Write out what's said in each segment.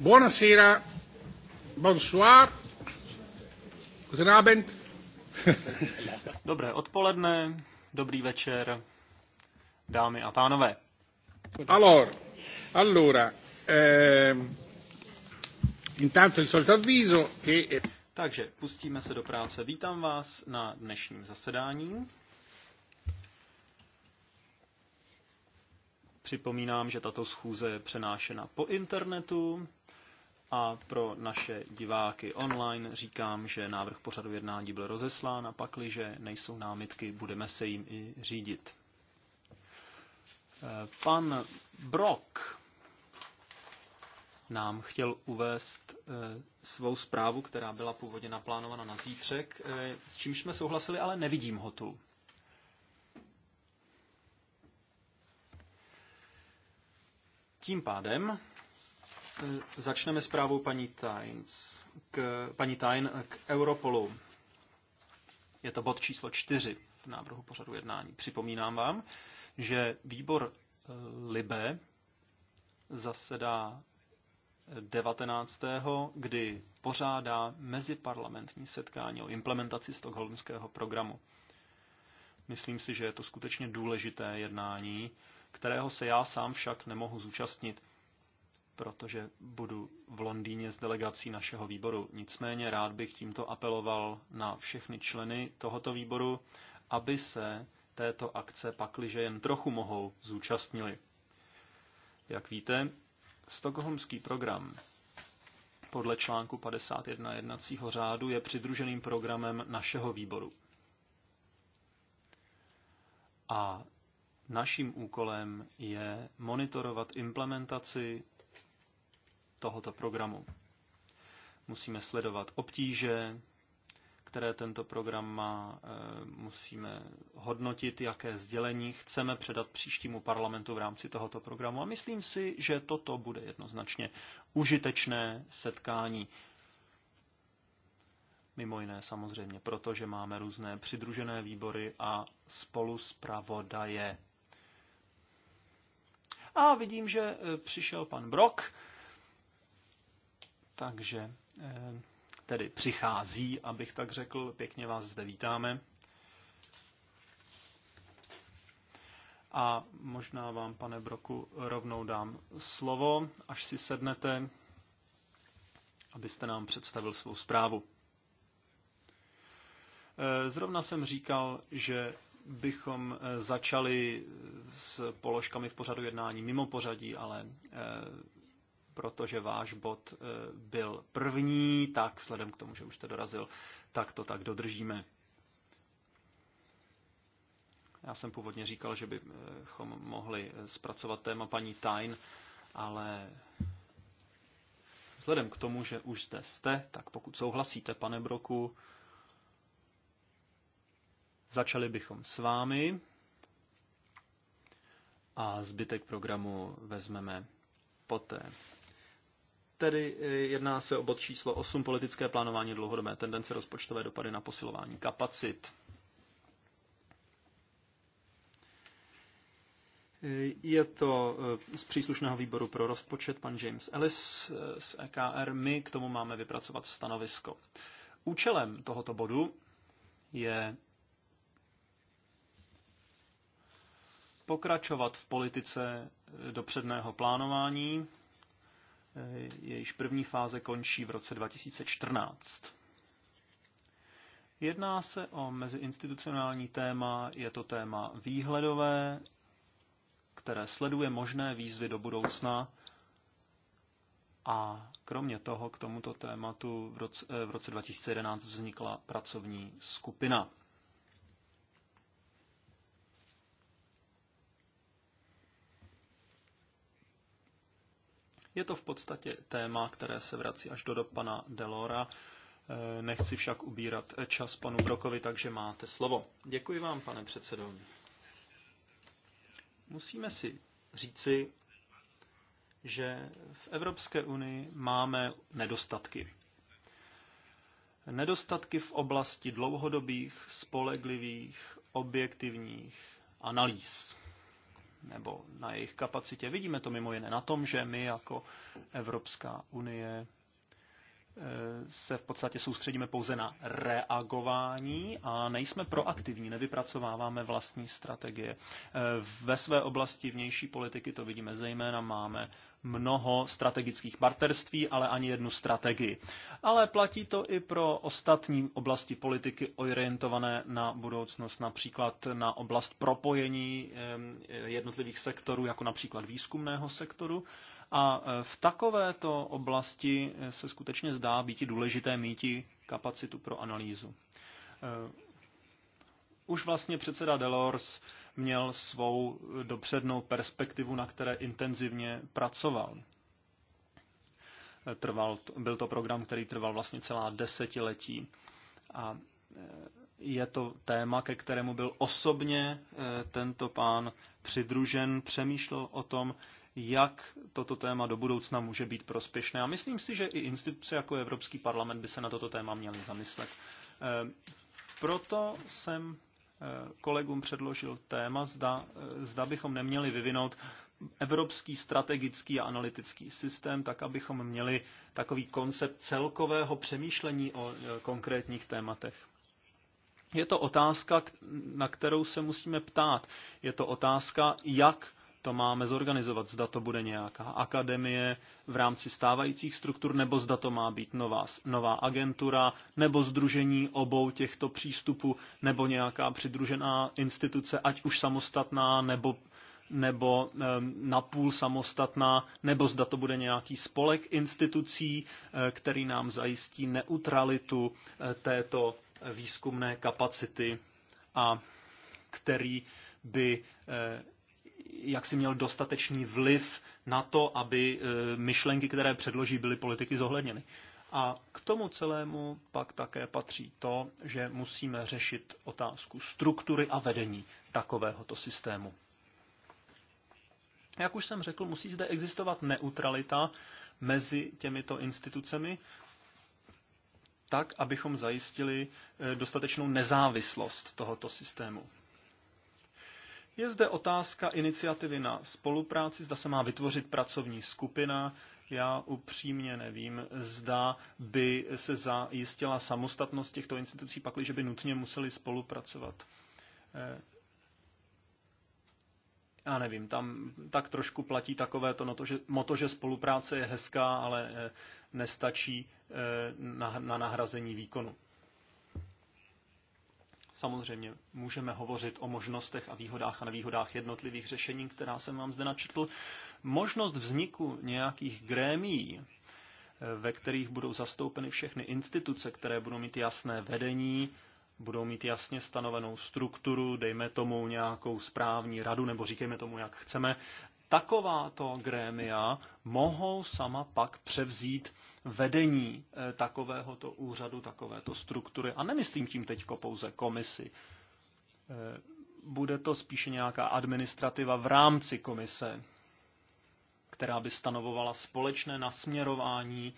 Buonasera, bonsoir, guten Abend. Dobré odpoledne, dobrý večer, dámy a pánové. Allora, allora eh, intanto il solito avviso che... Eh, Takže pustíme se do práce. Vítám vás na dnešním zasedání. Připomínám, že tato schůze je přenášena po internetu a pro naše diváky online říkám, že návrh pořadu jednání byl rozeslán a pakliže nejsou námitky, budeme se jim i řídit. Eh, pan Brock nám chtěl uvést eh, svou zprávu, která byla původně naplánována na zítřek, eh, s čímž jsme souhlasili, ale nevidím ho tu. Tím pádem Začneme zprávou paní Tynes k, paní Tyne k Europolu. Je to bod číslo čtyři v návrhu pořadu jednání. Připomínám vám, že výbor eh, Libe zasedá 19., kdy pořádá meziparlamentní setkání o implementaci stokholmského programu. Myslím si, že je to skutečně důležité jednání, kterého se já sám však nemohu zúčastnit protože budu v Londýně s delegací našeho výboru. Nicméně rád bych tímto apeloval na všechny členy tohoto výboru, aby se této akce pakliže jen trochu mohou zúčastnili. Jak víte, Stockholmský program podle článku 51 jednacího řádu je přidruženým programem našeho výboru. A naším úkolem je monitorovat implementaci tohoto programu. Musíme sledovat obtíže, které tento program má, eh, musíme hodnotit, jaké sdělení chceme předat příštímu parlamentu v rámci tohoto programu. A myslím si, že toto bude jednoznačně užitečné setkání. Mimo jiné samozřejmě protože máme různé přidružené výbory a spolu zpravodaje. A vidím, že eh, přišel pan Brok, takže eh, tedy přichází, abych tak řekl. Pěkně vás zde vítáme. A možná vám, pane Broku, rovnou dám slovo, až si sednete, abyste nám představil svou zprávu. Eh, zrovna jsem říkal, že bychom eh, začali s položkami v pořadu jednání mimo pořadí, ale protože váš bod eh, byl první, tak vzhledem k tomu, že už jste dorazil, tak to tak dodržíme. Já jsem původně říkal, že bychom mohli eh, zpracovat téma paní Tain, ale vzhledem k tomu, že už zde jste, tak pokud souhlasíte, pane Broku, začali bychom s vámi a zbytek programu vezmeme poté. Tedy eh, jedná se o bod číslo 8, politické plánování dlouhodobé tendence rozpočtové dopady na posilování kapacit. Eh, je to eh, z příslušného výboru pro rozpočet pan James Ellis z EKR. My k tomu máme vypracovat stanovisko. Účelem tohoto bodu je pokračovat v politice dopředného plánování jejíž první fáze končí v roce 2014. Jedná se o meziinstitucionální téma, je to téma výhledové, které sleduje možné výzvy do budoucna a kromě toho k tomuto tématu v roce, v roce 2011 vznikla pracovní skupina. Je to v podstatě téma, které se vrací až do, do pana Delora. Eh, nechci však ubírat čas panu Brokovi, takže máte slovo. Děkuji vám, pane předsedo. Musíme si říci, že v Evropské unii máme nedostatky. Nedostatky v oblasti dlouhodobých, spolehlivých, objektivních analýz nebo na jejich kapacitě. Vidíme to mimo jiné na tom, že my jako Evropská unie e, se v podstatě soustředíme pouze na reagování a nejsme proaktivní, nevypracováváme vlastní strategie. E, ve své oblasti vnější politiky to vidíme zejména, máme mnoho strategických partnerství, ale ani jednu strategii. Ale platí to i pro ostatní oblasti politiky orientované na budoucnost, například na oblast propojení jednotlivých sektorů, jako například výzkumného sektoru. A e, v takovéto oblasti e, se skutečně zdá být důležité mít kapacitu pro analýzu. E, už vlastně předseda Delors měl svou dopřednou perspektivu, na které intenzivně pracoval. Trval, byl to program, který trval vlastně celá desetiletí. A e, je to téma, ke kterému byl osobně e, tento pán přidružen, přemýšlel o tom, jak toto téma do budoucna může být prospěšné. A myslím si, že i instituce jako Evropský parlament by se na toto téma měly zamyslet. E, proto jsem kolegům předložil téma, zda, zda bychom neměli vyvinout evropský strategický a analytický systém, tak abychom měli takový koncept celkového přemýšlení o e, konkrétních tématech. Je to otázka, na kterou se musíme ptát. Je to otázka, jak to máme zorganizovat. Zda to bude nějaká akademie v rámci stávajících struktur, nebo zda to má být nová, nová agentura, nebo združení obou těchto přístupů, nebo nějaká přidružená instituce, ať už samostatná, nebo nebo napůl samostatná, nebo zda to bude nějaký spolek institucí, eh, který nám zajistí neutralitu eh, této eh, výzkumné kapacity a který by jak si měl dostatečný vliv na to, aby e, myšlenky, které předloží, byly politiky zohledněny. A k tomu celému pak také patří to, že musíme řešit otázku struktury a vedení takovéhoto systému. Jak už jsem řekl, musí zde existovat neutralita mezi těmito institucemi, tak, abychom zajistili e, dostatečnou nezávislost tohoto systému. Je zde otázka iniciativy na spolupráci, zda se má vytvořit pracovní skupina. Já upřímně nevím, zda by se zajistila samostatnost těchto institucí, pakliže by nutně museli spolupracovat. Eh, já nevím, tam tak trošku platí takové to, no to že, moto, že spolupráce je hezká, ale eh, nestačí eh, na, na nahrazení výkonu. Samozřejmě můžeme hovořit o možnostech a výhodách a nevýhodách jednotlivých řešení, která jsem vám zde načetl. Možnost vzniku nějakých grémií, ve kterých budou zastoupeny všechny instituce, které budou mít jasné vedení, budou mít jasně stanovenou strukturu, dejme tomu nějakou správní radu, nebo říkejme tomu, jak chceme, takováto grémia mohou sama pak převzít vedení eh, takovéhoto úřadu, takovéto struktury. A nemyslím tím teď pouze komisi. Eh, bude to spíše nějaká administrativa v rámci komise, která by stanovovala společné nasměrování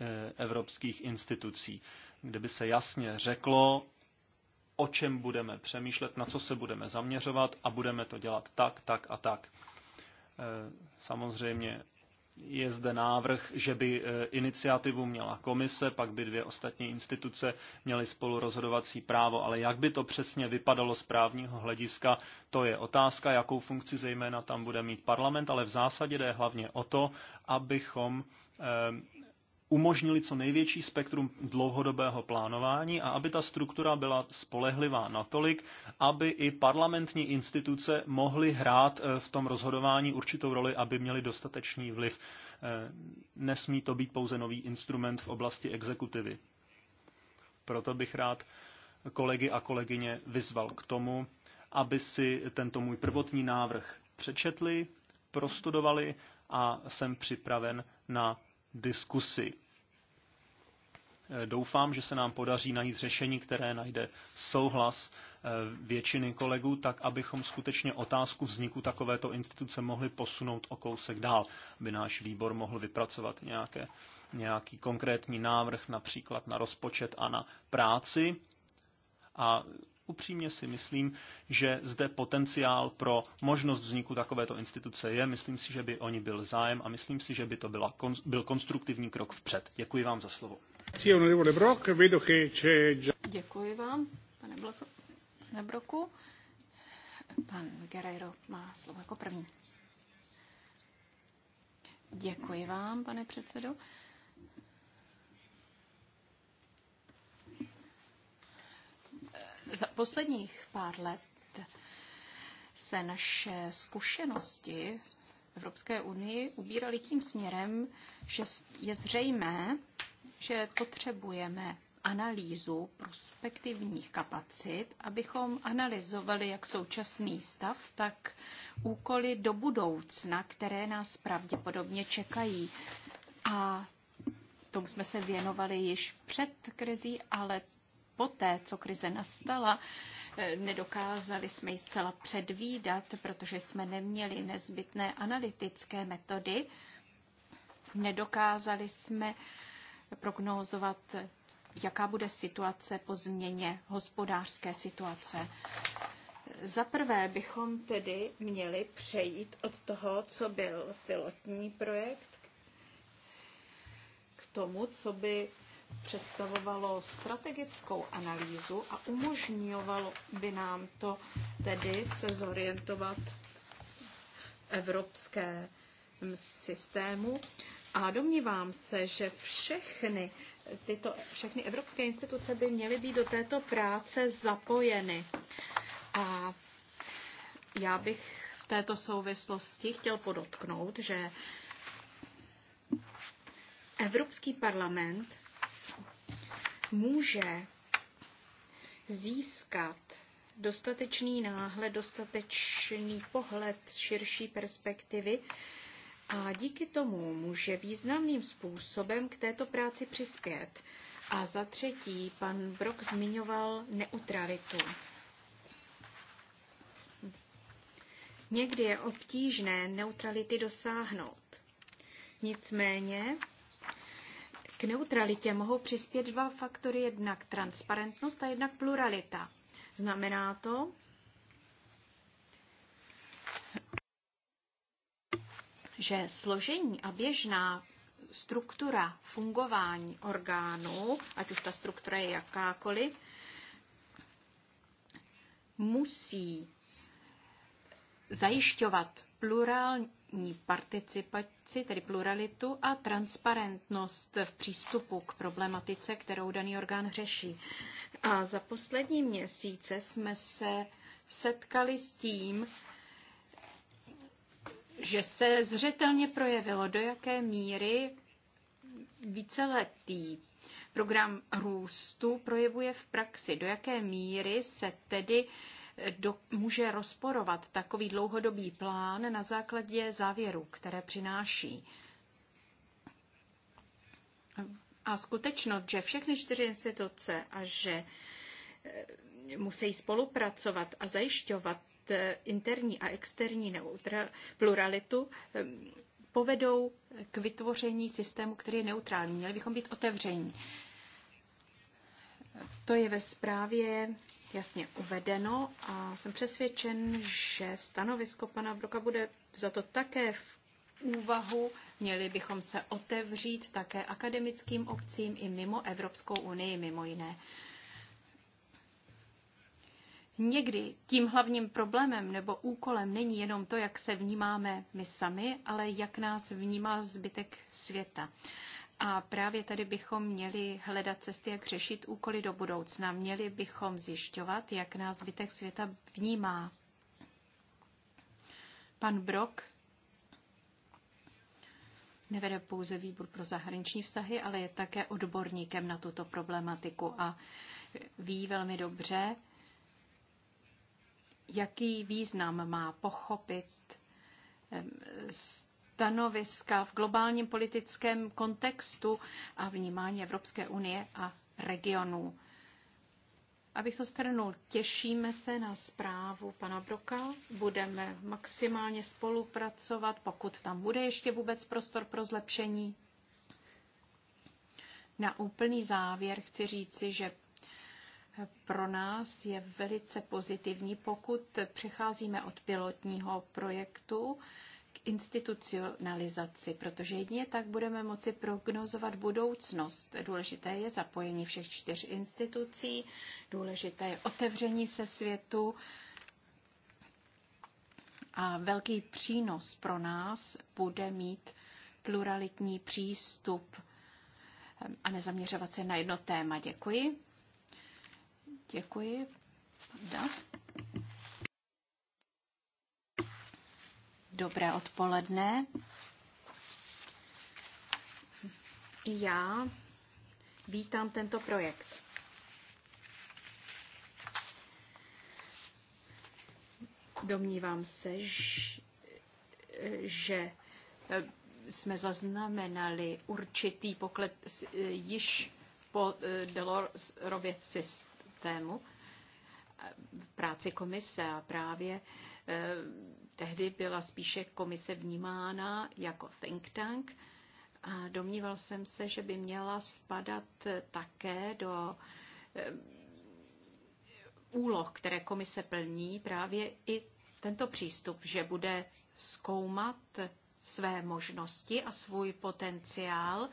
eh, evropských institucí, kde by se jasně řeklo, o čem budeme přemýšlet, na co se budeme zaměřovat a budeme to dělat tak, tak a tak. Eh, samozřejmě je zde návrh, že by eh, iniciativu měla komise, pak by dvě ostatní instituce měly spolu rozhodovací právo, ale jak by to přesně vypadalo z právního hlediska, to je otázka, jakou funkci zejména tam bude mít parlament, ale v zásadě jde hlavně o to, abychom eh, umožnili co největší spektrum dlouhodobého plánování a aby ta struktura byla spolehlivá natolik, aby i parlamentní instituce mohly hrát eh, v tom rozhodování určitou roli, aby měly dostatečný vliv. Eh, nesmí to být pouze nový instrument v oblasti exekutivy. Proto bych rád kolegy a kolegyně vyzval k tomu, aby si tento můj prvotní návrh přečetli, prostudovali a jsem připraven na diskusi. Eh, doufám, že se nám podaří najít řešení, které najde souhlas eh, většiny kolegů, tak abychom skutečně otázku vzniku takovéto instituce mohli posunout o kousek dál, aby náš výbor mohl vypracovat nějaké, nějaký konkrétní návrh, například na rozpočet a na práci. A upřímně si myslím, že zde potenciál pro možnost vzniku takovéto instituce je. Myslím si, že by oni byl zájem a myslím si, že by to byla, byl konstruktivní krok vpřed. Děkuji vám za slovo. Děkuji vám, pane, Bloko, Pan Guerrero má slovo jako první. Děkuji vám, pane předsedo. za posledních pár let se naše zkušenosti v Evropské unii ubíraly tím směrem, že je zřejmé, že potřebujeme analýzu prospektivních kapacit, abychom analyzovali jak současný stav, tak úkoly do budoucna, které nás pravděpodobně čekají. A tomu jsme se věnovali již před krizí, ale poté, co krize nastala, eh, nedokázali jsme ji zcela předvídat, protože jsme neměli nezbytné analytické metody. Nedokázali jsme prognózovat, jaká bude situace po změně hospodářské situace. Za prvé bychom tedy měli přejít od toho, co byl pilotní projekt, k tomu, co by představovalo strategickou analýzu a umožňovalo by nám to tedy se zorientovat v evropském systému. A domnívám se, že všechny, tyto, všechny evropské instituce by měly být do této práce zapojeny. A já bych v této souvislosti chtěl podotknout, že Evropský parlament může získat dostatečný náhled, dostatečný pohled širší perspektivy a díky tomu může významným způsobem k této práci přispět. A za třetí, pan Brok zmiňoval neutralitu. Někdy je obtížné neutrality dosáhnout. Nicméně k neutralitě mohou přispět dva faktory, jednak transparentnost a jednak pluralita. Znamená to, že složení a běžná struktura fungování orgánu, ať už ta struktura je jakákoliv, musí zajišťovat plurální kvalitní participaci, tedy pluralitu a transparentnost v přístupu k problematice, kterou daný orgán řeší. A za poslední měsíce jsme se setkali s tím, že se zřetelně projevilo, do jaké míry víceletý program růstu projevuje v praxi, do jaké míry se tedy uh, do, může rozporovat takový dlouhodobý plán na základě závěrů, které přináší. A skutečnost, že všechny čtyři instituce a že eh, musí spolupracovat a zajišťovat eh, interní a externí pluralitu, eh, povedou k vytvoření systému, který je neutrální. Měli bychom být otevření. To je ve zprávě jasně uvedeno a jsem přesvědčen, že stanovisko pana Broka bude za to také v úvahu. Měli bychom se otevřít také akademickým obcím i mimo Evropskou unii, mimo jiné. Někdy tím hlavním problémem nebo úkolem není jenom to, jak se vnímáme my sami, ale jak nás vnímá zbytek světa. A právě tady bychom měli hledat cesty, jak řešit úkoly do budoucna. Měli bychom zjišťovat, jak nás zbytek světa vnímá. Pan Brok nevede pouze výbor pro zahraniční vztahy, ale je také odborníkem na tuto problematiku a ví velmi dobře, jaký význam má pochopit stanoviska v globálním politickém kontextu a vnímání Evropské unie a regionů. Abych to strnul, těšíme se na zprávu pana Broka, budeme maximálně spolupracovat, pokud tam bude ještě vůbec prostor pro zlepšení. Na úplný závěr chci říci, že pro nás je velice pozitivní, pokud přecházíme od pilotního projektu k institucionalizaci, protože jedině tak budeme moci prognozovat budoucnost. Důležité je zapojení všech čtyř institucí, důležité je otevření se světu a velký přínos pro nás bude mít pluralitní přístup a nezaměřovat se na jedno téma. Děkuji. Děkuji. Da. Dobré odpoledne. Já vítám tento projekt. Domnívám se, že eh, jsme zaznamenali určitý poklet eh, již po eh, Delorově systému v práci komise a právě Tehdy byla spíše komise vnímána jako think tank a domníval jsem se, že by měla spadat také do eh, úloh, které komise plní, právě i tento přístup, že bude zkoumat své možnosti a svůj potenciál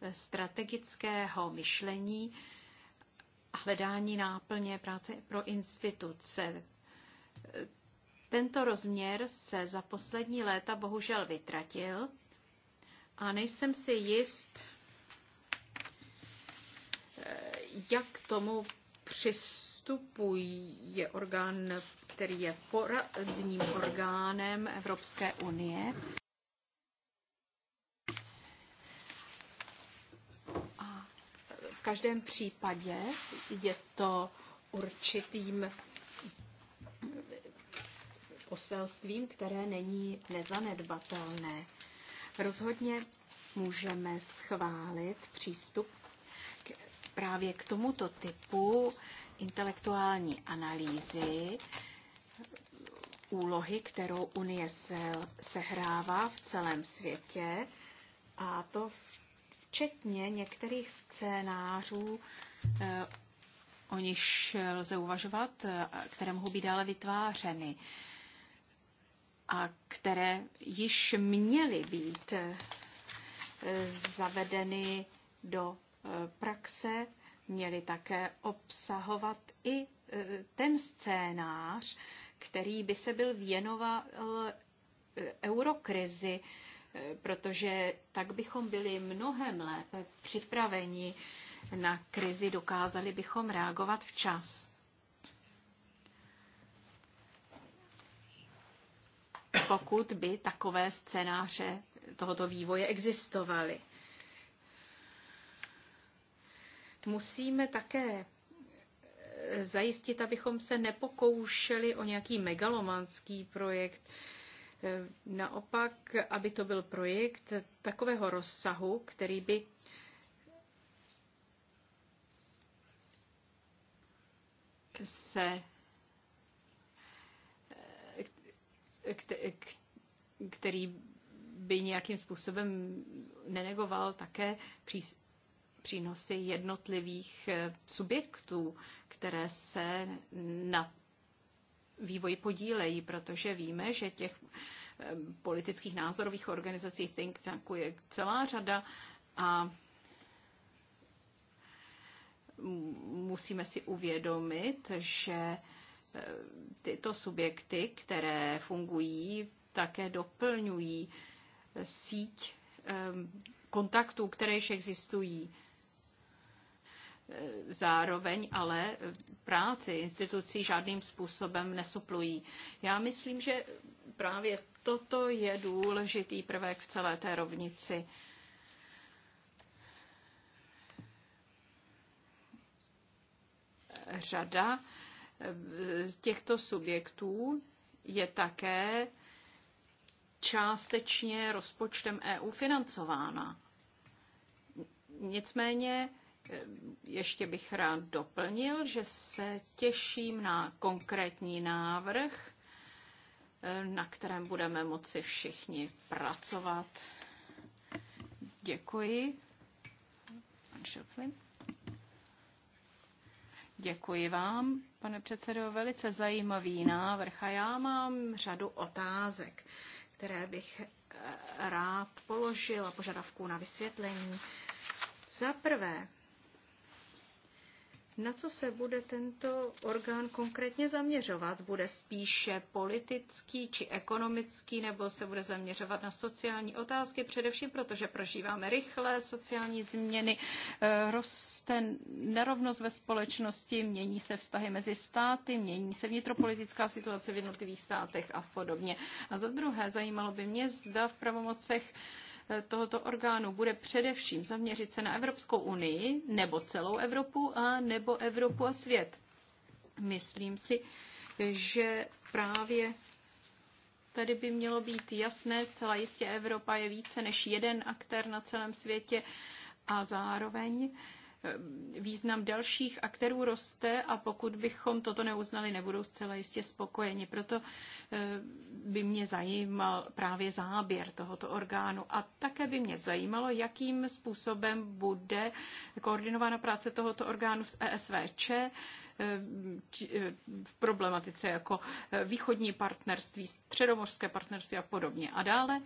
eh, strategického myšlení a hledání náplně práce pro instituce. Tento rozměr se za poslední léta bohužel vytratil a nejsem si jist, eh, jak tomu přistupuje orgán, který je poradním orgánem Evropské unie. v každém případě je to určitým poselstvím, které není nezanedbatelné. Rozhodně můžeme schválit přístup k, právě k tomuto typu intelektuální analýzy, úlohy, kterou Unie se, sehrává v celém světě, a to včetně některých scénářů, eh, o nichž lze uvažovat, eh, které mohou být dále vytvářeny a které již měly být eh, zavedeny do eh, praxe, měly také obsahovat i eh, ten scénář, který by se byl věnoval eurokrizi, protože tak bychom byli mnohem lépe připraveni na krizi, dokázali bychom reagovat včas. pokud by takové scénáře tohoto vývoje existovaly. Musíme také eh, zajistit, abychom se nepokoušeli o nějaký megalomanský projekt. Eh, naopak, aby to byl projekt takového rozsahu, který by eh, se který by nějakým způsobem nenegoval také přínosy jednotlivých eh, subjektů, které se na vývoji podílejí, protože víme, že těch eh, politických názorových organizací think tanků je celá řada a musíme si uvědomit, že Eh, tyto subjekty, které fungují, také doplňují síť eh, kontaktů, které již existují. Eh, zároveň ale práci institucí žádným způsobem nesuplují. Já myslím, že právě toto je důležitý prvek v celé té rovnici. Řada z těchto subjektů je také částečně rozpočtem EU financována. Nicméně eh, ještě bych rád doplnil, že se těším na konkrétní návrh, eh, na kterém budeme moci všichni pracovat. Děkuji. Pan Děkuji vám, pane předsedo, velice zajímavý návrh a já mám řadu otázek, které bych eh, rád položil a požadavků na vysvětlení. Za prvé, na co se bude tento orgán konkrétně zaměřovat? Bude spíše politický či ekonomický, nebo se bude zaměřovat na sociální otázky, především protože prožíváme rychlé sociální změny, eh, roste nerovnost ve společnosti, mění se vztahy mezi státy, mění se vnitropolitická situace v jednotlivých státech a podobně. A za druhé, zajímalo by mě, zda v pravomocech tohoto orgánu bude především zaměřit se na Evropskou unii nebo celou Evropu a nebo Evropu a svět. Myslím si, že právě tady by mělo být jasné, zcela jistě Evropa je více než jeden aktér na celém světě a zároveň Eh, význam dalších aktérů roste a pokud bychom toto neuznali, nebudou zcela jistě spokojeni. Proto eh, by mě zajímal právě záběr tohoto orgánu a také by mě zajímalo, jakým způsobem bude koordinována práce tohoto orgánu s ESVČ, Eh, eh, v problematice jako eh, východní partnerství, středomořské partnerství a podobně. A dále,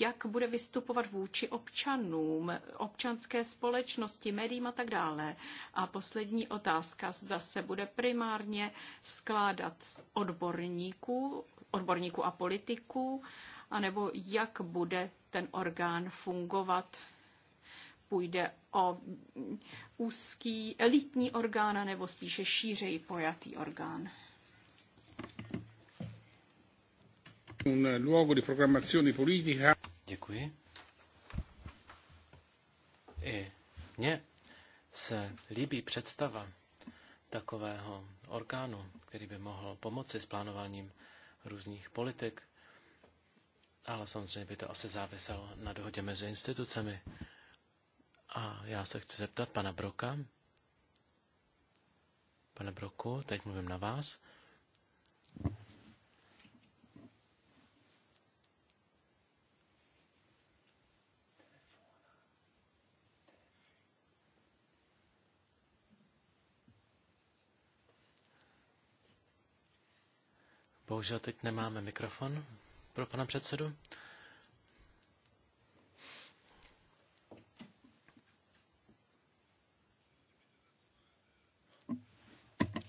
jak bude vystupovat vůči občanům, občanské společnosti, médiím a tak dále. A poslední otázka, zda se bude primárně skládat z odborníků, odborníků a politiků, anebo jak bude ten orgán fungovat půjde o úzký elitní orgán nebo spíše šířej pojatý orgán. Un luogo di programmazione politica. Děkuji. I mně se líbí představa takového orgánu, který by mohl pomoci s plánováním různých politik, ale samozřejmě by to asi záviselo na dohodě mezi institucemi. A já se chci zeptat pana Broka. Pane Broku, teď mluvím na vás. Bohužel teď nemáme mikrofon pro pana předsedu.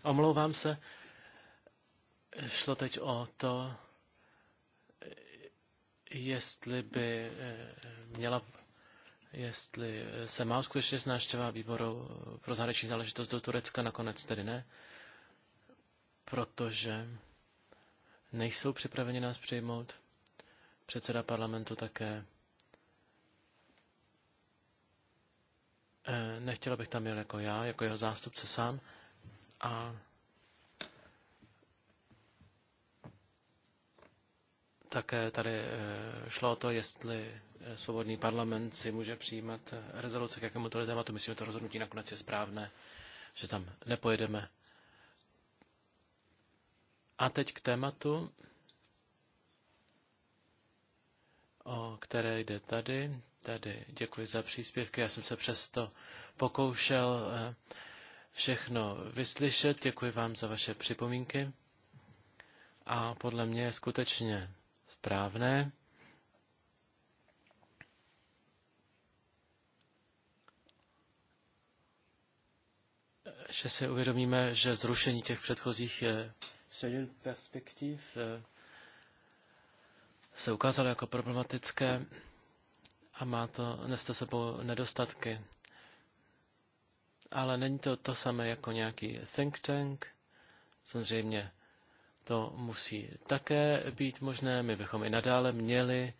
Omlouvám se. Šlo teď o to, jestli by eh, měla, jestli se má skutečně návštěva výboru pro zahraniční záležitost do Turecka, nakonec tedy ne, protože nejsou připraveni nás přijmout. Předseda parlamentu také eh, nechtěla bych tam jel jako já, jako jeho zástupce sám, a také tady eh, šlo o to, jestli eh, svobodný parlament si může přijímat eh, rezoluce k jakému to tématu. Myslím, že to rozhodnutí nakonec je správné, že tam nepojedeme. A teď k tématu, o které jde tady. Tady děkuji za příspěvky. Já jsem se přesto pokoušel všechno vyslyšet. Děkuji vám za vaše připomínky. A podle mě je skutečně správné, že si uvědomíme, že zrušení těch předchozích eh, perspektiv eh, se ukázalo jako problematické a má to neste sebou nedostatky ale není to to samé jako nějaký think tank. Samozřejmě to musí také být možné. My bychom i nadále měli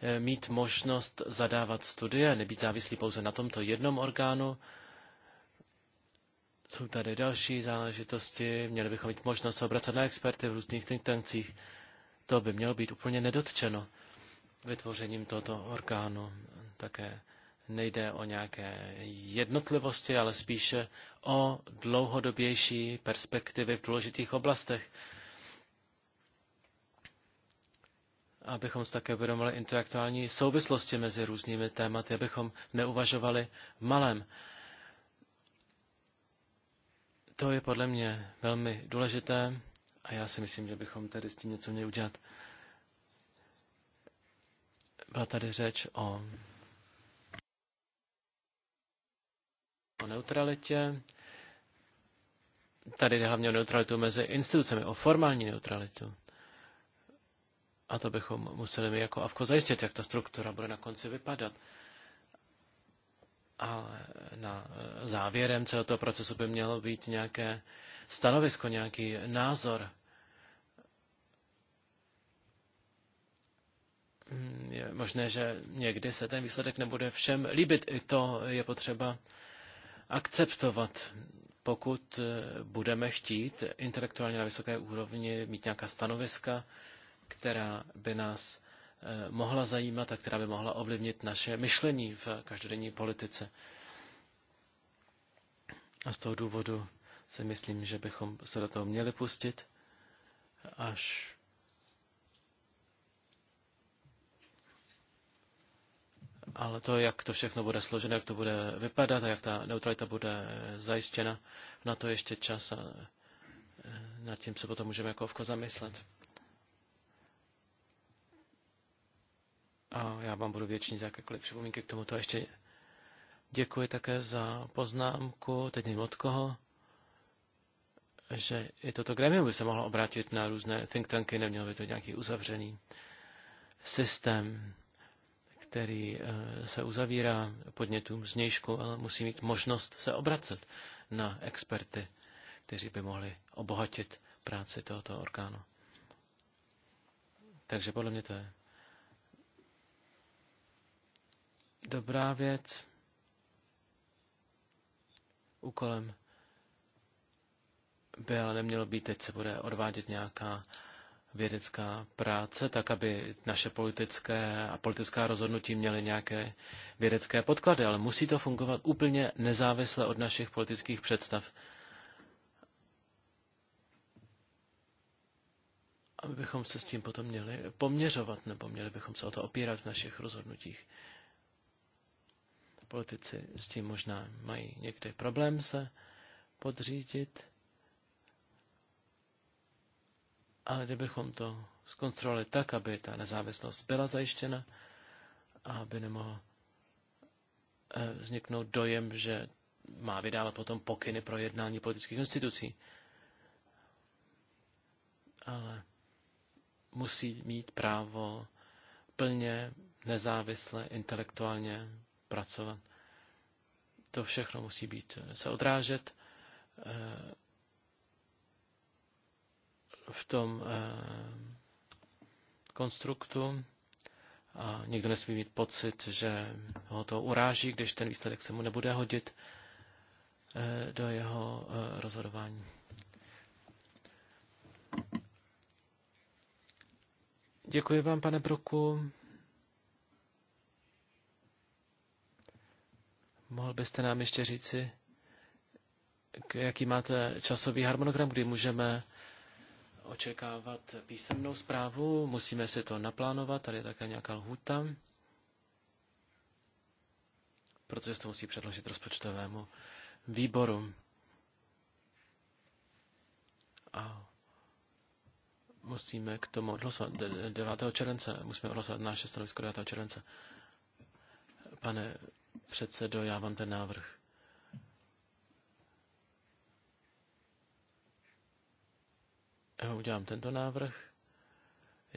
eh, mít možnost zadávat studie, nebýt závislí pouze na tomto jednom orgánu. Jsou tady další záležitosti, měli bychom mít možnost se obracet na experty v různých think tankcích. To by mělo být úplně nedotčeno vytvořením tohoto orgánu. Také Nejde o nějaké jednotlivosti, ale spíše o dlouhodobější perspektivy v důležitých oblastech. abychom se také uvědomili intelektuální souvislosti mezi různými tématy, abychom neuvažovali malém. To je podle mě velmi důležité a já si myslím, že bychom tady s tím něco měli udělat. Byla tady řeč o o neutralitě. Tady jde hlavně o neutralitu mezi institucemi, o formální neutralitu. A to bychom museli mi jako AVKO zajistit, jak ta struktura bude na konci vypadat. Ale na závěrem celého toho procesu by mělo být nějaké stanovisko, nějaký názor. Je možné, že někdy se ten výsledek nebude všem líbit. I to je potřeba akceptovat, pokud eh, budeme chtít intelektuálně na vysoké úrovni mít nějaká stanoviska, která by nás eh, mohla zajímat a která by mohla ovlivnit naše myšlení v každodenní politice. A z toho důvodu si myslím, že bychom se do toho měli pustit, až Ale to, jak to všechno bude složeno, jak to bude vypadat a jak ta neutralita bude zajištěna, na to ještě čas a eh, nad tím se potom můžeme jako ovko zamyslet. A já vám budu věčný za jakékoliv připomínky k tomuto. Ještě děkuji také za poznámku, teď nevím od koho, že i toto gremium by se mohlo obrátit na různé think tanky, nemělo by to nějaký uzavřený systém který eh, se uzavírá podnětům nějšku, ale musí mít možnost se obracet na experty, kteří by mohli obohatit práci tohoto orgánu. Takže podle mě to je dobrá věc. Úkolem by ale nemělo být, teď se bude odvádět nějaká vědecká práce, tak aby naše politické a politická rozhodnutí měly nějaké vědecké podklady, ale musí to fungovat úplně nezávisle od našich politických představ. Abychom se s tím potom měli poměřovat, nebo měli bychom se o to opírat v našich rozhodnutích. Politici s tím možná mají někdy problém se podřídit, ale kdybychom to zkontrolovali tak, aby ta nezávislost byla zajištěna a aby nemohl eh, vzniknout dojem, že má vydávat potom pokyny pro jednání politických institucí. Ale musí mít právo plně, nezávisle, intelektuálně pracovat. To všechno musí být eh, se odrážet eh, v tom eh, konstruktu a někdo nesmí mít pocit, že ho to uráží, když ten výsledek se mu nebude hodit eh, do jeho eh, rozhodování. Děkuji vám, pane Broku. Mohl byste nám ještě říci, jaký máte časový harmonogram, kdy můžeme očekávat písemnou zprávu, musíme si to naplánovat, tady je také nějaká lhůta, protože se to musí předložit rozpočtovému výboru. A musíme k tomu odhlasovat 9. července, musíme odhlasovat naše stanovisko 9. července. Pane předsedo, já vám ten návrh udělám tento návrh.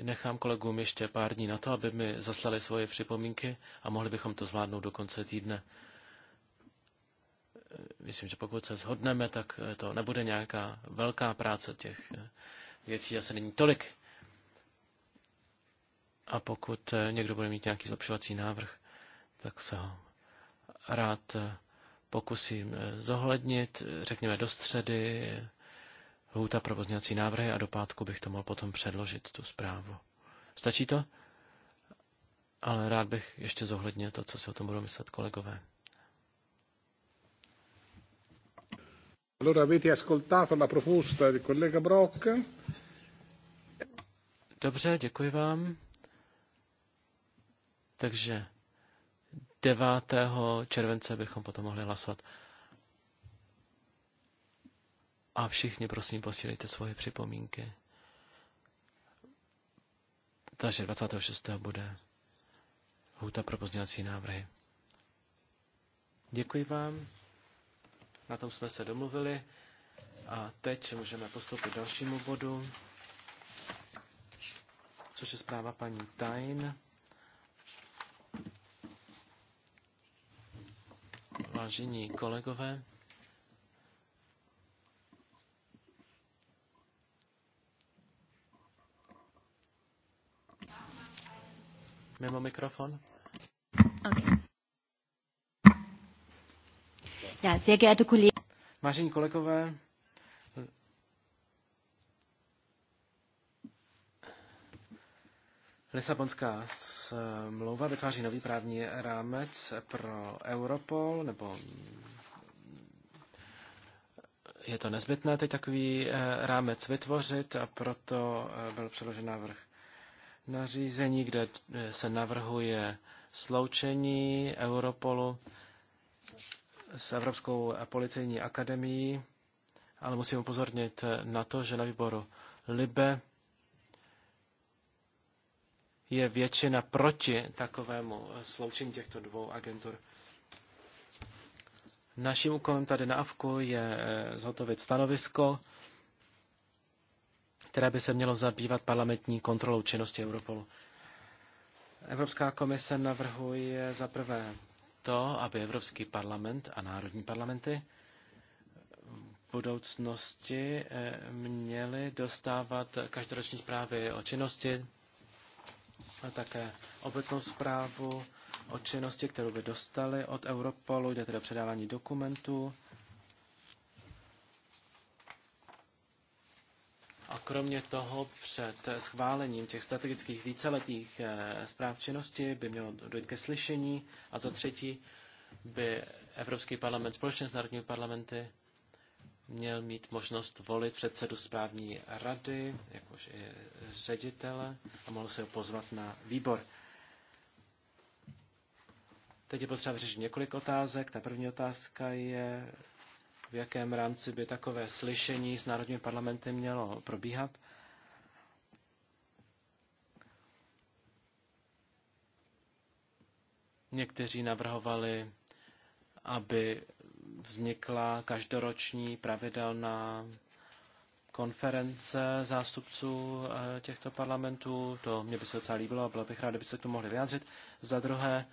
Nechám kolegům ještě pár dní na to, aby mi zaslali svoje připomínky a mohli bychom to zvládnout do konce týdne. Myslím, že pokud se shodneme, tak to nebude nějaká velká práce těch věcí, asi není tolik. A pokud někdo bude mít nějaký zlepšovací návrh, tak se ho rád pokusím zohlednit, řekněme do středy, lhůta pro pozněcí návrhy a do pátku bych to mohl potom předložit, tu zprávu. Stačí to? Ale rád bych ještě zohlednil to, co si o tom budou myslet kolegové. Allora avete ascoltato la proposta del collega Brock. Dobře, děkuji vám. Takže 9. července bychom potom mohli hlasovat. A všichni, prosím, posílejte svoje připomínky. Takže 26. bude huta pro pozdělací návrhy. Děkuji vám. Na tom jsme se domluvili. A teď můžeme postoupit k dalšímu bodu, což je zpráva paní Tain. Vážení kolegové, mimo mikrofon. Okay. Vážení kolegové, Lisabonská smlouva vytváří nový právní rámec pro Europol, nebo je to nezbytné teď takový eh, rámec vytvořit a proto eh, byl předložen návrh nařízení, kde eh, se navrhuje sloučení Europolu s Evropskou policejní akademií, ale musím upozornit eh, na to, že na výboru Libe je většina proti takovému eh, sloučení těchto dvou agentur. Naším úkolem tady na AFKu je zhotovit stanovisko které by se mělo zabývat parlamentní kontrolou činnosti Europolu. Evropská komise navrhuje za prvé to, aby Evropský parlament a národní parlamenty v budoucnosti eh, měly dostávat každoroční zprávy o činnosti a také obecnou zprávu o činnosti, kterou by dostali od Europolu, jde tedy předávání dokumentů Kromě toho před schválením těch strategických víceletých eh, zpráv činnosti by mělo dojít ke slyšení a za třetí by Evropský parlament společně s národními parlamenty měl mít možnost volit předsedu správní rady, jakož i ředitele a mohl se ho pozvat na výbor. Teď je potřeba vyřešit několik otázek. Ta první otázka je, v jakém rámci by takové slyšení s národními parlamenty mělo probíhat. Někteří navrhovali, aby vznikla každoroční pravidelná konference zástupců eh, těchto parlamentů. To mě by se docela líbilo a byla bych rád, kdyby se to mohli vyjádřit. Za druhé,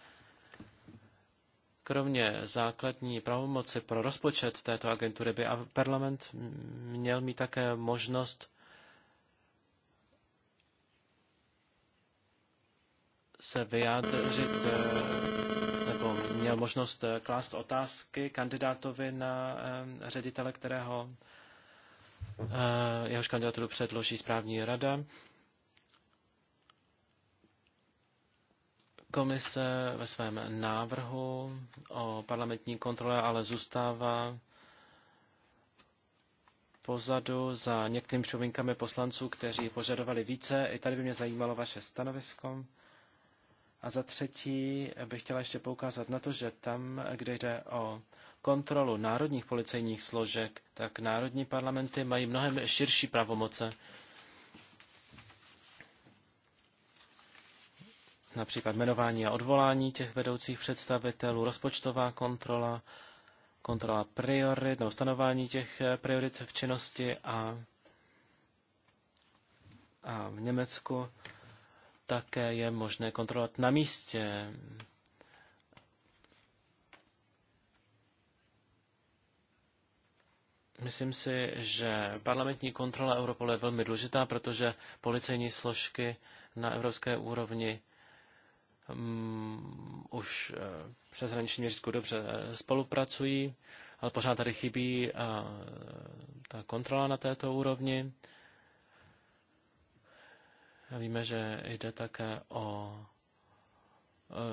Kromě základní pravomoci pro rozpočet této agentury by parlament měl mít také možnost se vyjádřit eh, nebo měl možnost eh, klást otázky kandidátovi na eh, ředitele, kterého jehož kandidaturu předloží správní rada. Komise ve svém návrhu o parlamentní kontrole ale zůstává pozadu za některými připomínkami poslanců, kteří požadovali více. I tady by mě zajímalo vaše stanovisko. A za třetí bych chtěla ještě poukázat na to, že tam, kde jde o kontrolu národních policejních složek, tak národní parlamenty mají mnohem širší pravomoce například jmenování a odvolání těch vedoucích představitelů, rozpočtová kontrola, kontrola priorit nebo stanování těch eh, priorit v činnosti a, a v Německu také je možné kontrolovat na místě. Myslím si, že parlamentní kontrola Europolu je velmi důležitá, protože policejní složky na evropské úrovni Mm, už eh, přes hraniční dobře eh, spolupracují, ale pořád tady chybí eh, ta kontrola na této úrovni. A víme, že jde také o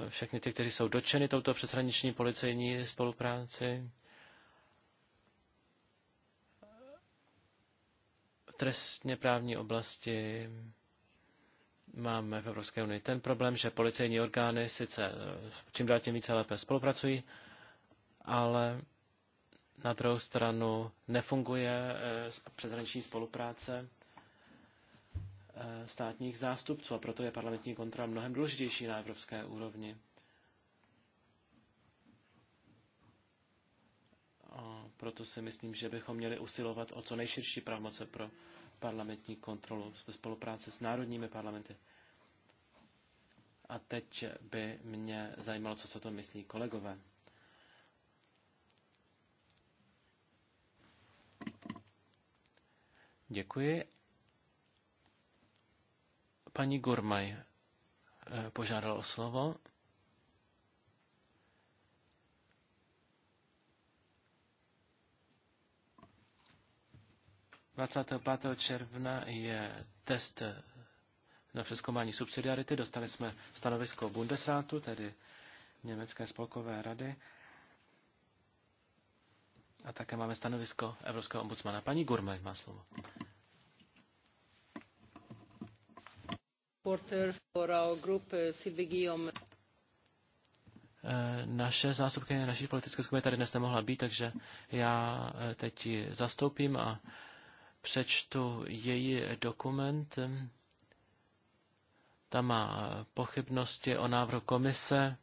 všechny ty, kteří jsou dočeny touto přeshraniční policejní spolupráci. V trestně právní oblasti máme v Evropské unii ten problém, že policejní orgány sice eh, čím dál tím více lépe spolupracují, ale na druhou stranu nefunguje eh, přeshraniční spolupráce eh, státních zástupců a proto je parlamentní kontrola mnohem důležitější na evropské úrovni. A proto si myslím, že bychom měli usilovat o co nejširší pravomoce pro parlamentní kontrolu ve spolupráci s národními parlamenty. A teď by mě zajímalo, co se to myslí kolegové. Děkuji. Paní Gormaj eh, požádala o slovo. 25. června je test eh, na přeskoumání subsidiarity. Dostali jsme stanovisko Bundesrátu, tedy Německé spolkové rady. A také máme stanovisko Evropského ombudsmana. Paní Gurmaj má slovo. Eh, eh, naše zástupkyně naší politické skupiny tady dnes nemohla být, takže já teď ji zastoupím a přečtu její dokument. Tam má pochybnosti o návrhu komise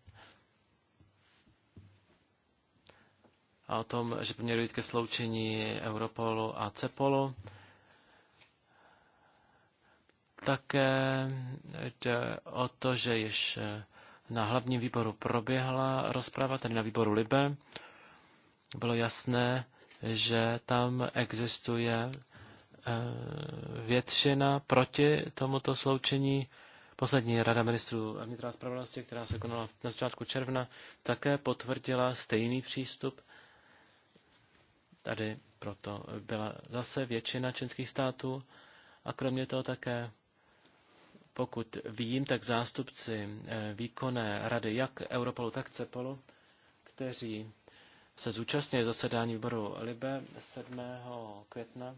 a o tom, že by mělo jít ke sloučení Europolu a Cepolu. Také jde o to, že již na hlavním výboru proběhla rozprava, tedy na výboru Libe. Bylo jasné, že tam existuje Eh, většina proti tomuto sloučení. Poslední rada ministrů vnitra spravedlnosti, která se konala na začátku června, také potvrdila stejný přístup. Tady proto byla zase většina členských států a kromě toho také, pokud vím, tak zástupci eh, výkonné rady jak Europolu, tak CEPOLu, kteří se zúčastnili zasedání výboru Libe 7. května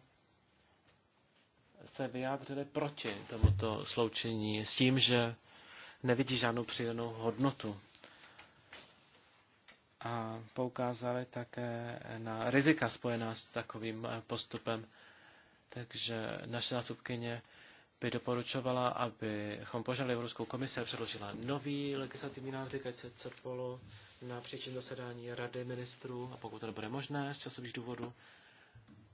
se vyjádřili proti tomuto sloučení s tím, že nevidí žádnou přidanou hodnotu. A poukázali také na rizika spojená s takovým postupem. Takže naše nástupkyně by doporučovala, abychom požádali Evropskou komisi a předložila nový legislativní návrh týkající se cepolo na příčin zasedání Rady ministrů a pokud to nebude možné z časových důvodů,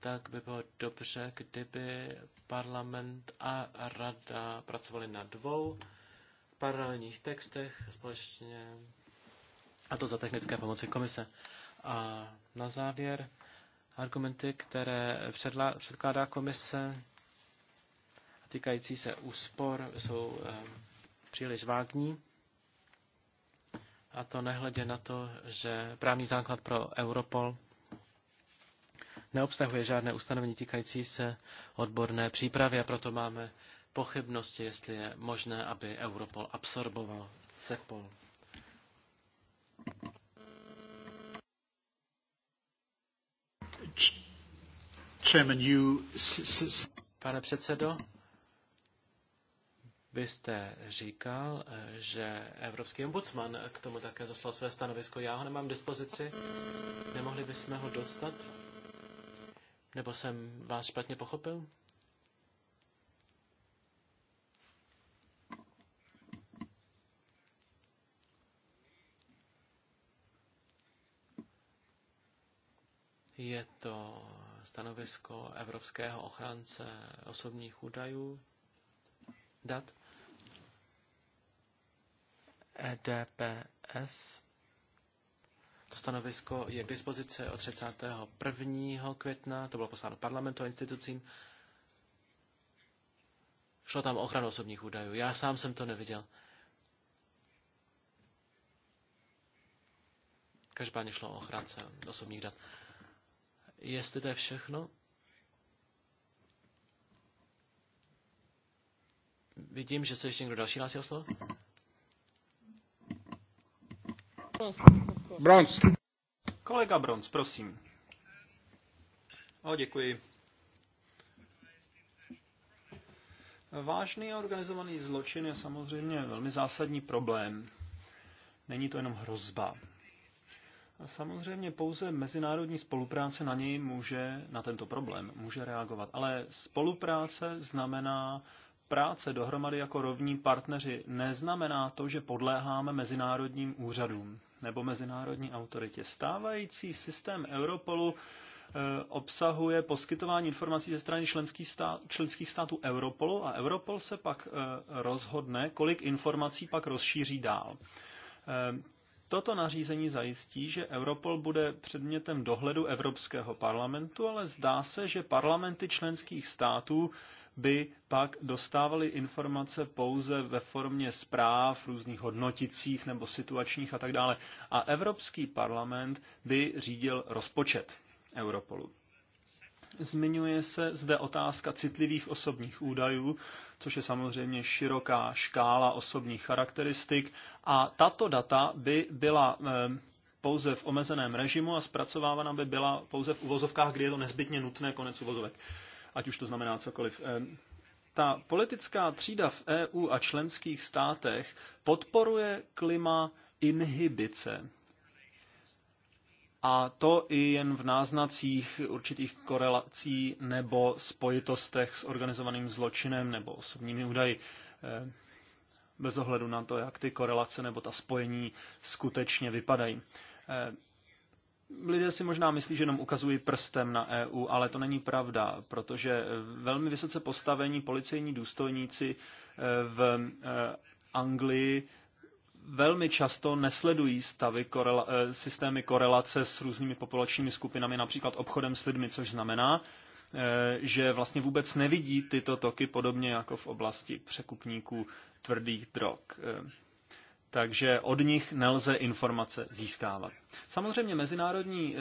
tak by bylo dobře, kdyby parlament a rada pracovali na dvou paralelních textech společně, a to za technické pomoci komise. A na závěr argumenty, které předla, předkládá komise týkající se úspor, jsou eh, příliš vágní. A to nehledě na to, že právní základ pro Europol neobsahuje žádné ustanovení týkající se odborné přípravy a proto máme pochybnosti, jestli je možné, aby Europol absorboval CEPOL. Pane předsedo, vy jste říkal, že Evropský ombudsman k tomu také zaslal své stanovisko. Já ho nemám k dispozici. Nemohli bychom ho dostat? Nebo jsem vás špatně pochopil? Je to stanovisko Evropského ochránce osobních údajů, dat, EDPS. To stanovisko je k dispozici od 31. května, to bylo posláno parlamentu a institucím. Šlo tam ochranu osobních údajů. Já sám jsem to neviděl. Každopádně šlo o ochránce osobních dat. Jestli to je všechno, Vidím, že se ještě někdo další hlásí o slovo. Bronz. Kolega Bronz, prosím. O, děkuji. Vážný a organizovaný zločin je samozřejmě velmi zásadní problém. Není to jenom hrozba. A samozřejmě pouze mezinárodní spolupráce na něj může, na tento problém, může reagovat. Ale spolupráce znamená práce dohromady jako rovní partneři neznamená to, že podléháme mezinárodním úřadům nebo mezinárodní autoritě. Stávající systém Europolu eh, obsahuje poskytování informací ze strany členských, stát, členských států Europolu a Europol se pak eh, rozhodne, kolik informací pak rozšíří dál. Eh, toto nařízení zajistí, že Europol bude předmětem dohledu Evropského parlamentu, ale zdá se, že parlamenty členských států by pak dostávali informace pouze ve formě zpráv, různých hodnoticích nebo situačních a tak dále. A Evropský parlament by řídil rozpočet Europolu. Zmiňuje se zde otázka citlivých osobních údajů, což je samozřejmě široká škála osobních charakteristik a tato data by byla eh, pouze v omezeném režimu a zpracovávána by byla pouze v uvozovkách, kdy je to nezbytně nutné, konec uvozovek ať už to znamená cokoliv. Ta politická třída v EU a členských státech podporuje klima inhibice. A to i jen v náznacích určitých korelací nebo spojitostech s organizovaným zločinem nebo osobními údaji. Bez ohledu na to, jak ty korelace nebo ta spojení skutečně vypadají. Lidé si možná myslí, že jenom ukazují prstem na EU, ale to není pravda, protože eh, velmi vysoce postavení policejní důstojníci eh, v eh, Anglii velmi často nesledují stavy korela, systémy korelace s různými populačními skupinami, například obchodem s lidmi, což znamená, že vlastně vůbec nevidí tyto toky podobně jako v oblasti překupníků tvrdých drog takže od nich nelze informace získávat. Samozřejmě mezinárodní eh,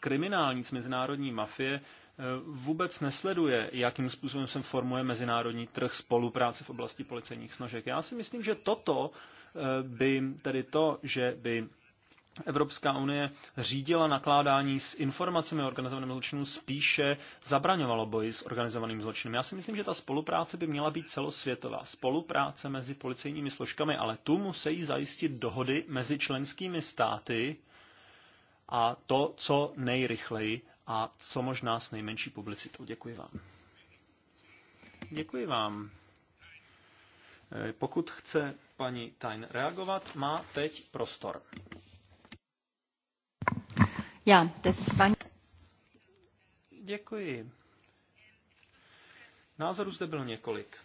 kriminálníc, mezinárodní mafie eh, vůbec nesleduje, jakým způsobem se formuje mezinárodní trh spolupráce v oblasti policejních snožek. Já si myslím, že toto eh, by, tedy to, že by Evropská unie řídila nakládání s informacemi o organizovaném zločinu, spíše zabraňovalo boji s organizovaným zločinem. Já si myslím, že ta spolupráce by měla být celosvětová. Spolupráce mezi policejními složkami, ale tu musí zajistit dohody mezi členskými státy a to, co nejrychleji a co možná s nejmenší publicitou. Děkuji vám. Děkuji vám. Eh, pokud chce paní Tajn reagovat, má teď prostor. Ja, das Děkuji. Názorů zde bylo několik.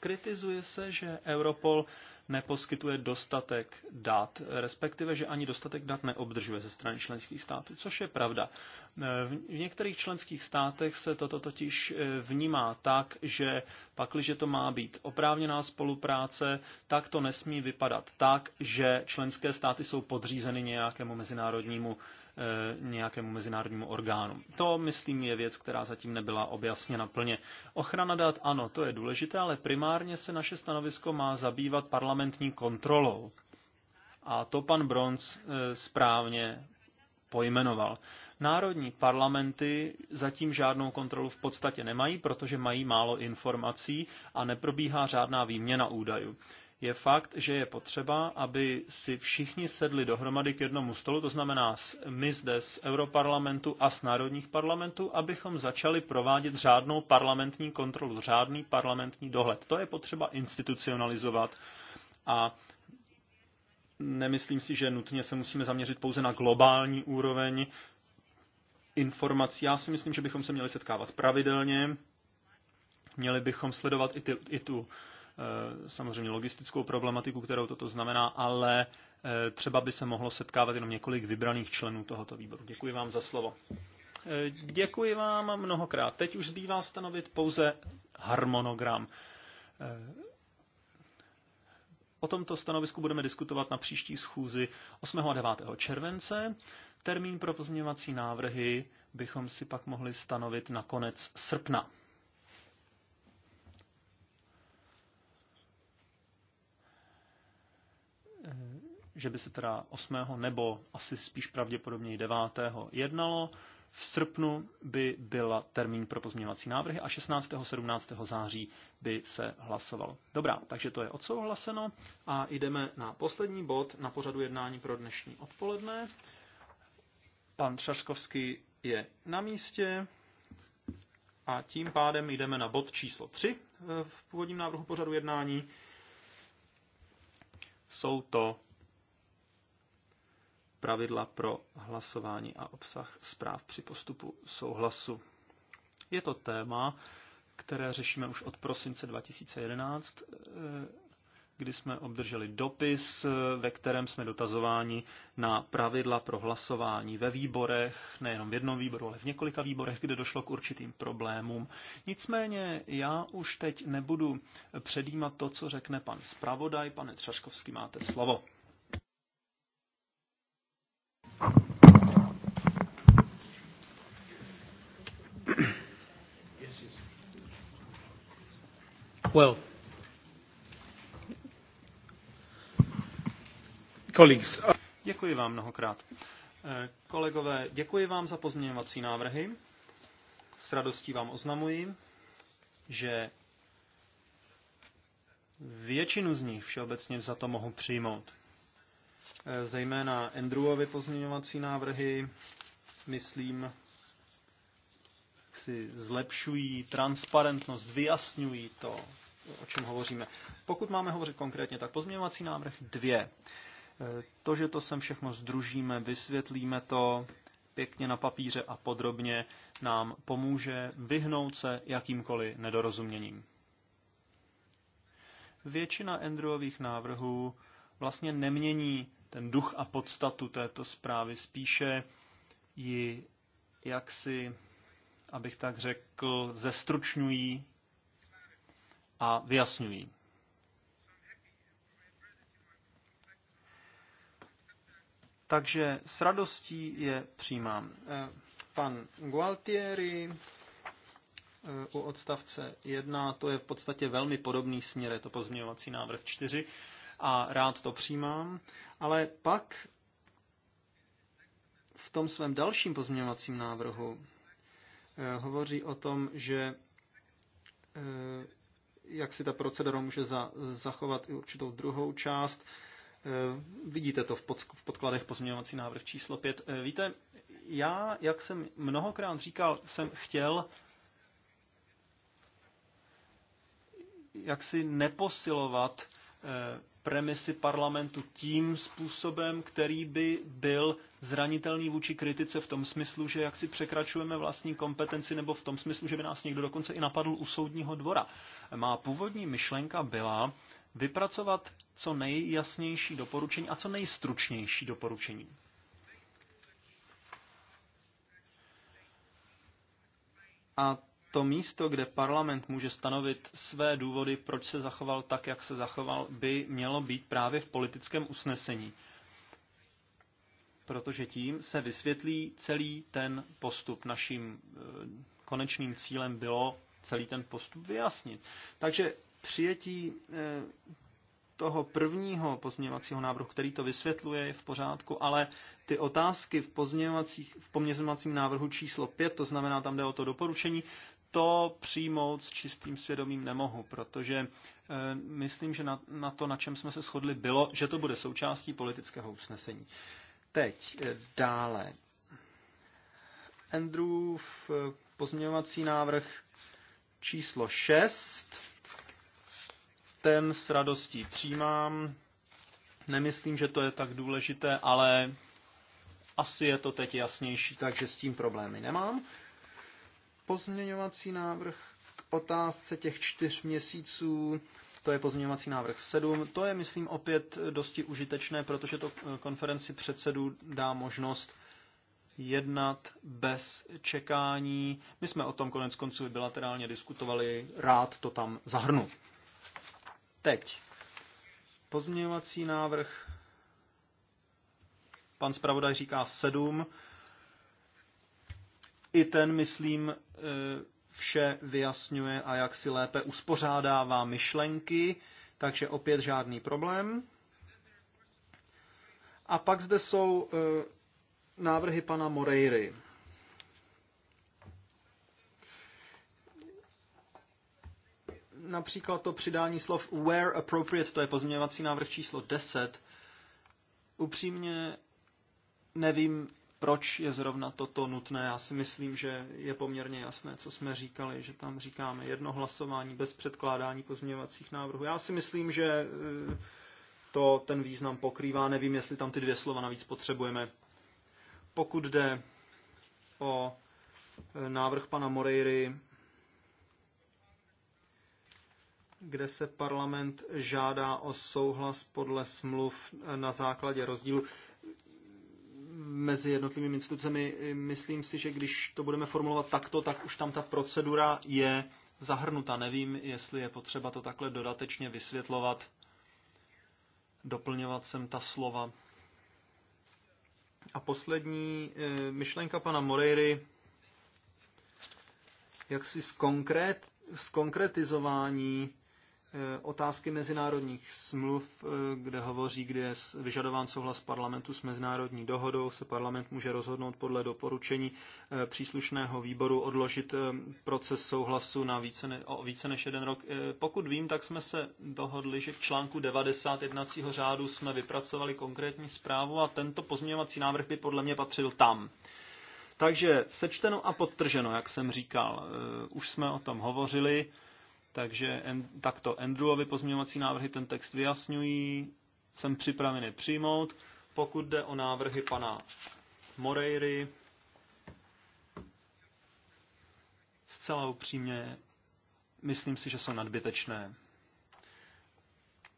Kritizuje se, že Europol neposkytuje dostatek dat, respektive, že ani dostatek dat neobdržuje ze strany členských států, což je pravda. V některých členských státech se toto totiž eh, vnímá tak, že pakliže to má být oprávněná spolupráce, tak to nesmí vypadat tak, že členské státy jsou podřízeny nějakému mezinárodnímu Eh, nějakému mezinárodnímu orgánu. To, myslím, je věc, která zatím nebyla objasněna plně. Ochrana dat, ano, to je důležité, ale primárně se naše stanovisko má zabývat parlamentní kontrolou. A to pan Bronz eh, správně pojmenoval. Národní parlamenty zatím žádnou kontrolu v podstatě nemají, protože mají málo informací a neprobíhá řádná výměna údajů je fakt, že je potřeba, aby si všichni sedli dohromady k jednomu stolu, to znamená my zde z Europarlamentu a z národních parlamentů, abychom začali provádět řádnou parlamentní kontrolu, řádný parlamentní dohled. To je potřeba institucionalizovat a nemyslím si, že nutně se musíme zaměřit pouze na globální úroveň informací. Já si myslím, že bychom se měli setkávat pravidelně, měli bychom sledovat i, ty, i tu Eh, samozřejmě logistickou problematiku, kterou toto znamená, ale eh, třeba by se mohlo setkávat jenom několik vybraných členů tohoto výboru. Děkuji vám za slovo. Eh, děkuji vám mnohokrát. Teď už zbývá stanovit pouze harmonogram. O tomto stanovisku budeme diskutovat na příští schůzi 8. a 9. července. Termín pro pozměňovací návrhy bychom si pak mohli stanovit na konec srpna. že by se teda 8. nebo asi spíš pravděpodobně 9. jednalo. V srpnu by byl termín pro pozměňovací návrhy a 16. 17. září by se hlasovalo. Dobrá, takže to je odsouhlaseno a jdeme na poslední bod na pořadu jednání pro dnešní odpoledne. Pan Třaškovský je na místě a tím pádem jdeme na bod číslo 3 eh, v původním návrhu pořadu jednání. Jsou to pravidla pro hlasování a obsah zpráv při postupu souhlasu. Je to téma, které řešíme už od prosince 2011, eh, kdy jsme obdrželi dopis, eh, ve kterém jsme dotazováni na pravidla pro hlasování ve výborech, nejenom v jednom výboru, ale v několika výborech, kde došlo k určitým problémům. Nicméně já už teď nebudu předjímat to, co řekne pan zpravodaj. Pane Třaškovský, máte slovo. Well, colleagues. Uh, děkuji vám mnohokrát. Eh, kolegové, děkuji vám za pozměňovací návrhy. S radostí vám oznamuji, že většinu z nich všeobecně za to mohu přijmout. Eh, zejména Andrewovi pozměňovací návrhy, myslím, si zlepšují transparentnost, vyjasňují to, o čem hovoříme. Pokud máme hovořit konkrétně, tak pozměňovací návrh 2. E, to, že to sem všechno združíme, vysvětlíme to pěkně na papíře a podrobně, nám pomůže vyhnout se jakýmkoliv nedorozuměním. Většina Andrewových návrhů vlastně nemění ten duch a podstatu této zprávy, spíše ji jaksi, abych tak řekl, zestručňují a vyjasňují. Takže s radostí je přijímám. Eh, pan Gualtieri eh, u odstavce 1, to je v podstatě velmi podobný směr, je to pozměňovací návrh 4 a rád to přijímám, ale pak v tom svém dalším pozměňovacím návrhu eh, hovoří o tom, že jak si ta procedura může za, zachovat i určitou druhou část. E, vidíte to v, pod, v podkladech pozměňovací návrh číslo 5. E, víte, já, jak jsem mnohokrát říkal, jsem chtěl jak si neposilovat e, premisy parlamentu tím způsobem, který by byl zranitelný vůči kritice v tom smyslu, že jak si překračujeme vlastní kompetenci nebo v tom smyslu, že by nás někdo dokonce i napadl u soudního dvora. Má původní myšlenka byla vypracovat co nejjasnější doporučení a co nejstručnější doporučení. A to místo, kde parlament může stanovit své důvody, proč se zachoval tak, jak se zachoval, by mělo být právě v politickém usnesení. Protože tím se vysvětlí celý ten postup. Naším eh, konečným cílem bylo celý ten postup vyjasnit. Takže přijetí eh, toho prvního pozměňovacího návrhu, který to vysvětluje, je v pořádku, ale ty otázky v, v pozměňovacím návrhu číslo 5, to znamená, tam jde o to doporučení, to přijmout s čistým svědomím nemohu, protože eh, myslím, že na, na to, na čem jsme se shodli, bylo, že to bude součástí politického usnesení. Teď eh, dále. Andrewův eh, pozměňovací návrh číslo 6. Ten s radostí přijímám. Nemyslím, že to je tak důležité, ale asi je to teď jasnější, takže s tím problémy nemám pozměňovací návrh k otázce těch čtyř měsíců, to je pozměňovací návrh 7. To je, myslím, opět dosti užitečné, protože to eh, konferenci předsedů dá možnost jednat bez čekání. My jsme o tom konec konců bilaterálně diskutovali, rád to tam zahrnu. Teď pozměňovací návrh. Pan zpravodaj říká 7. I ten, myslím, e, vše vyjasňuje a jak si lépe uspořádává myšlenky, takže opět žádný problém. A pak zde jsou e, návrhy pana Moreiry. Například to přidání slov where appropriate, to je pozměňovací návrh číslo 10. Upřímně nevím, proč je zrovna toto nutné. Já si myslím, že je poměrně jasné, co jsme říkali, že tam říkáme jedno hlasování bez předkládání pozměňovacích návrhů. Já si myslím, že e, to ten význam pokrývá. Nevím, jestli tam ty dvě slova navíc potřebujeme. Pokud jde o e, návrh pana Moreiry, kde se parlament žádá o souhlas podle smluv na základě rozdílu mezi jednotlivými institucemi. Myslím si, že když to budeme formulovat takto, tak už tam ta procedura je zahrnuta. Nevím, jestli je potřeba to takhle dodatečně vysvětlovat, doplňovat sem ta slova. A poslední eh, myšlenka pana Moreiry, jak si zkonkret, zkonkretizování Eh, otázky mezinárodních smluv, eh, kde hovoří, kde je vyžadován souhlas parlamentu s mezinárodní dohodou, se parlament může rozhodnout podle doporučení eh, příslušného výboru odložit proces souhlasu na více ne, o více než jeden rok. Pokud vím, tak jsme se dohodli, že v článku 90 jednacího řádu jsme vypracovali konkrétní zprávu a tento pozměňovací návrh by podle mě patřil tam. Takže sečteno a podtrženo, jak jsem říkal, už jsme o tom hovořili. Takže en, takto Andrewovi pozměňovací návrhy ten text vyjasňují, jsem připraven je přijmout. Pokud jde o návrhy pana Moreiry, zcela upřímně, myslím si, že jsou nadbytečné.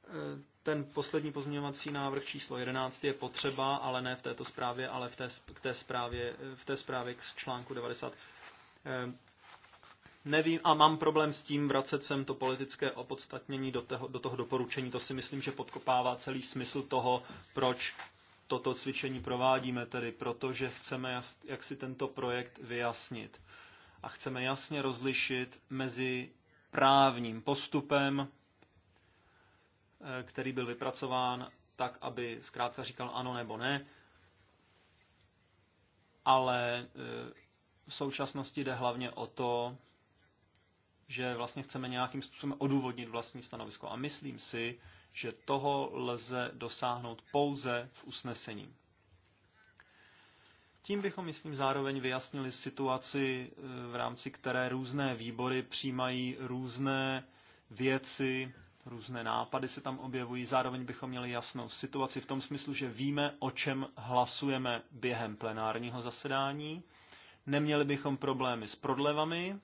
E, ten poslední pozměňovací návrh číslo 11 je potřeba, ale ne v této zprávě, ale v té, k té zprávě, v té zprávě k článku 90. Nevím a mám problém s tím vracet sem to politické opodstatnění do, toho, do toho doporučení. To si myslím, že podkopává celý smysl toho, proč toto cvičení provádíme, tedy protože chceme jas, jak si tento projekt vyjasnit. A chceme jasně rozlišit mezi právním postupem, eh, který byl vypracován tak, aby zkrátka říkal ano nebo ne, ale eh, v současnosti jde hlavně o to, že vlastně chceme nějakým způsobem odůvodnit vlastní stanovisko. A myslím si, že toho lze dosáhnout pouze v usnesení. Tím bychom, myslím, zároveň vyjasnili situaci, e, v rámci které různé výbory přijímají různé věci, různé nápady se tam objevují. Zároveň bychom měli jasnou situaci v tom smyslu, že víme, o čem hlasujeme během plenárního zasedání. Neměli bychom problémy s prodlevami,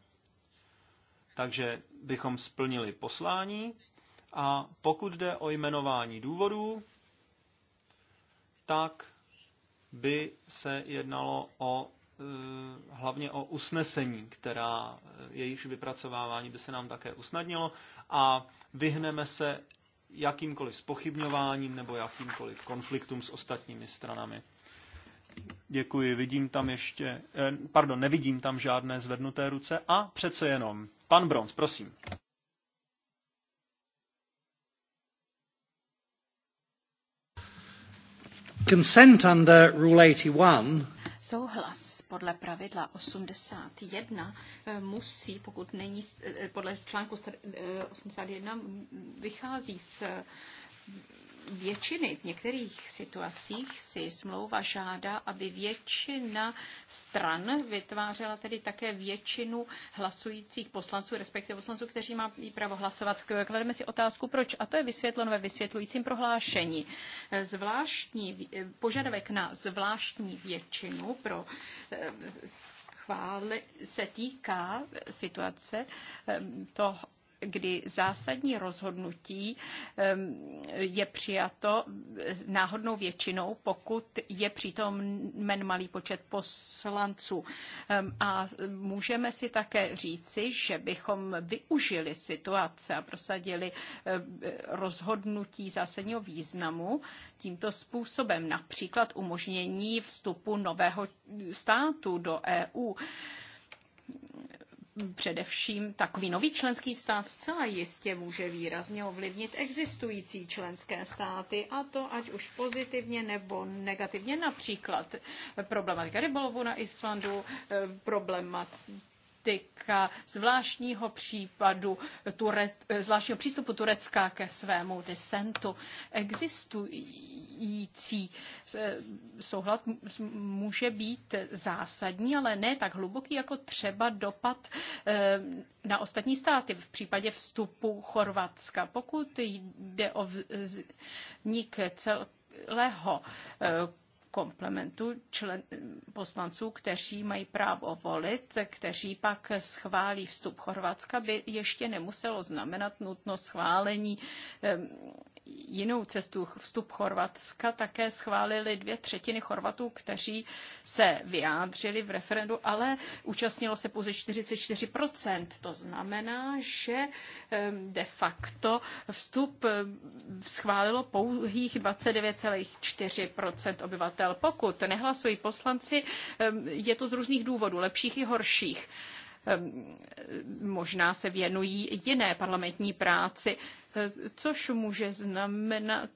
takže bychom splnili poslání a pokud jde o jmenování důvodů, tak by se jednalo o e, hlavně o usnesení, která e, jejíž vypracovávání by se nám také usnadnilo a vyhneme se jakýmkoliv spochybňováním nebo jakýmkoliv konfliktům s ostatními stranami. Děkuji, vidím tam ještě, eh, pardon, nevidím tam žádné zvednuté ruce a přece jenom. Pan Bronz, prosím. Consent under Rule 81. Souhlas podle pravidla 81 eh, musí, pokud není, eh, podle článku 81 vychází z většiny, v některých situacích si smlouva žádá, aby většina stran vytvářela tedy také většinu hlasujících poslanců, respektive poslanců, kteří má právo hlasovat. Klademe si otázku, proč. A to je vysvětleno ve vysvětlujícím prohlášení. Zvláštní, požadavek na zvláštní většinu pro eh, se týká situace eh, to kdy zásadní rozhodnutí ehm, je přijato náhodnou většinou, pokud je přítomen malý počet poslanců. Ehm, a můžeme si také říci, že bychom využili situace a prosadili ehm, rozhodnutí zásadního významu tímto způsobem, například umožnění vstupu nového státu do EU především takový nový členský stát zcela jistě může výrazně ovlivnit existující členské státy, a to ať už pozitivně nebo negativně. Například problematika rybolovu na Islandu, eh, problematika kritika zvláštního případu, Ture, zvláštního přístupu Turecka ke svému disentu. Existující souhlad může být zásadní, ale ne tak hluboký, jako třeba dopad eh, na ostatní státy v případě vstupu Chorvatska. Pokud jde o vznik celého. Eh, komplementu člen, poslanců, kteří mají právo volit, kteří pak schválí vstup Chorvatska, by ještě nemuselo znamenat nutnost schválení jinou cestu vstup Chorvatska také schválili dvě třetiny Chorvatů, kteří se vyjádřili v referendu, ale účastnilo se pouze 44%. To znamená, že de facto vstup schválilo pouhých 29,4% obyvatel. Pokud nehlasují poslanci, je to z různých důvodů, lepších i horších možná se věnují jiné parlamentní práci což může znamenat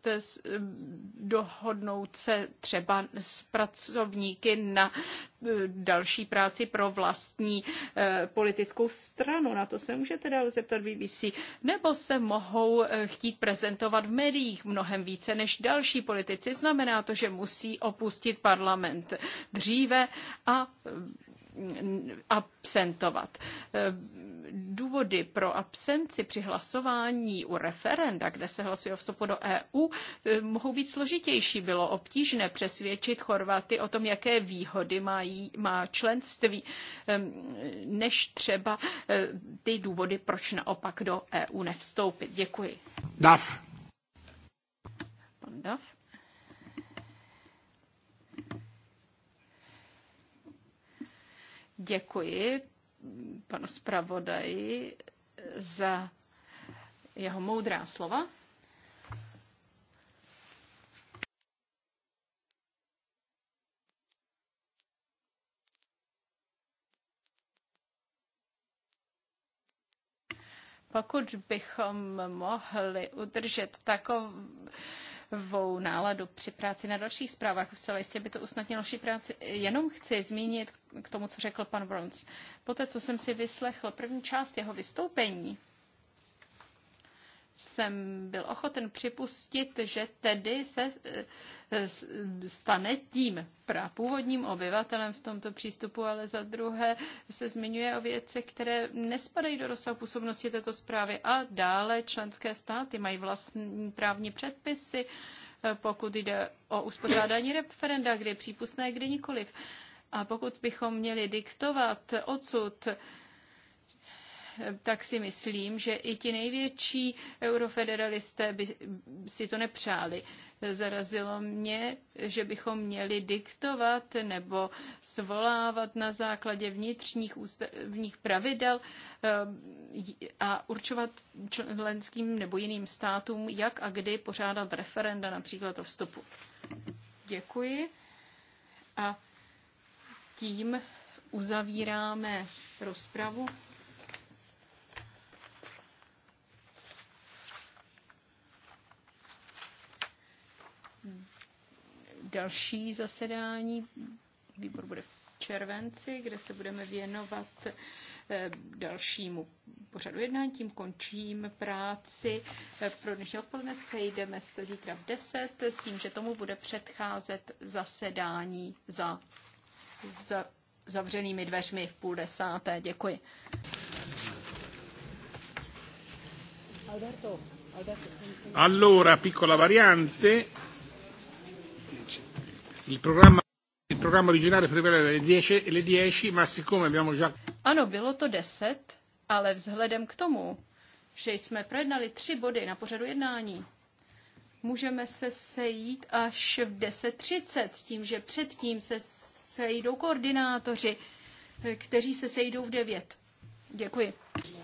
dohodnout se třeba s pracovníky na e, další práci pro vlastní e, politickou stranu. Na to se může teda zeptat BBC. Nebo se mohou e, chtít prezentovat v médiích mnohem více než další politici. Znamená to, že musí opustit parlament dříve a absentovat. Důvody pro absenci při hlasování u referenda, kde se hlasuje o vstupu do EU, mohou být složitější. Bylo obtížné přesvědčit Chorvaty o tom, jaké výhody mají, má členství, než třeba ty důvody, proč naopak do EU nevstoupit. Děkuji. Dav. Pan Dav. Děkuji panu zpravodaji za jeho moudrá slova. pokud bychom mohli udržet takovou novou náladu při práci na dalších zprávách. Vcela jistě by to usnadnilo naši práci. Jenom chci zmínit k tomu, co řekl pan Brons. Poté, co jsem si vyslechl první část jeho vystoupení, jsem byl ochoten připustit, že tedy se eh, stane tím původním obyvatelem v tomto přístupu, ale za druhé se zmiňuje o věcech, které nespadají do rozsahu působnosti této zprávy a dále členské státy mají vlastní právní předpisy, eh, pokud jde o uspořádání referenda, kdy je přípustné, kdy nikoliv. A pokud bychom měli diktovat odsud tak si myslím, že i ti největší eurofederalisté by si to nepřáli. Zarazilo mě, že bychom měli diktovat nebo svolávat na základě vnitřních ústavních pravidel eh, a určovat členským nebo jiným státům, jak a kdy pořádat referenda například o vstupu. Děkuji. A tím uzavíráme rozpravu. Další zasedání výbor bude v červenci, kde se budeme věnovat eh, dalšímu pořadu jednání. Tím končím práci. Eh, pro dnešní odpoledne sejdeme se zítra v 10 s tím, že tomu bude předcházet zasedání za, za zavřenými dveřmi v půl desáté. Děkuji. Alberto, Alberto. Allora, piccola variante. Il programma il programma originale prevede le 10, le 10, ma siccome abbiamo già... Ano, bylo to 10, ale vzhledem k tomu, že jsme projednali tři body na pořadu jednání, můžeme se sejít až v 10.30 s tím, že předtím se sejdou koordinátoři, kteří se sejdou v 9. Děkuji.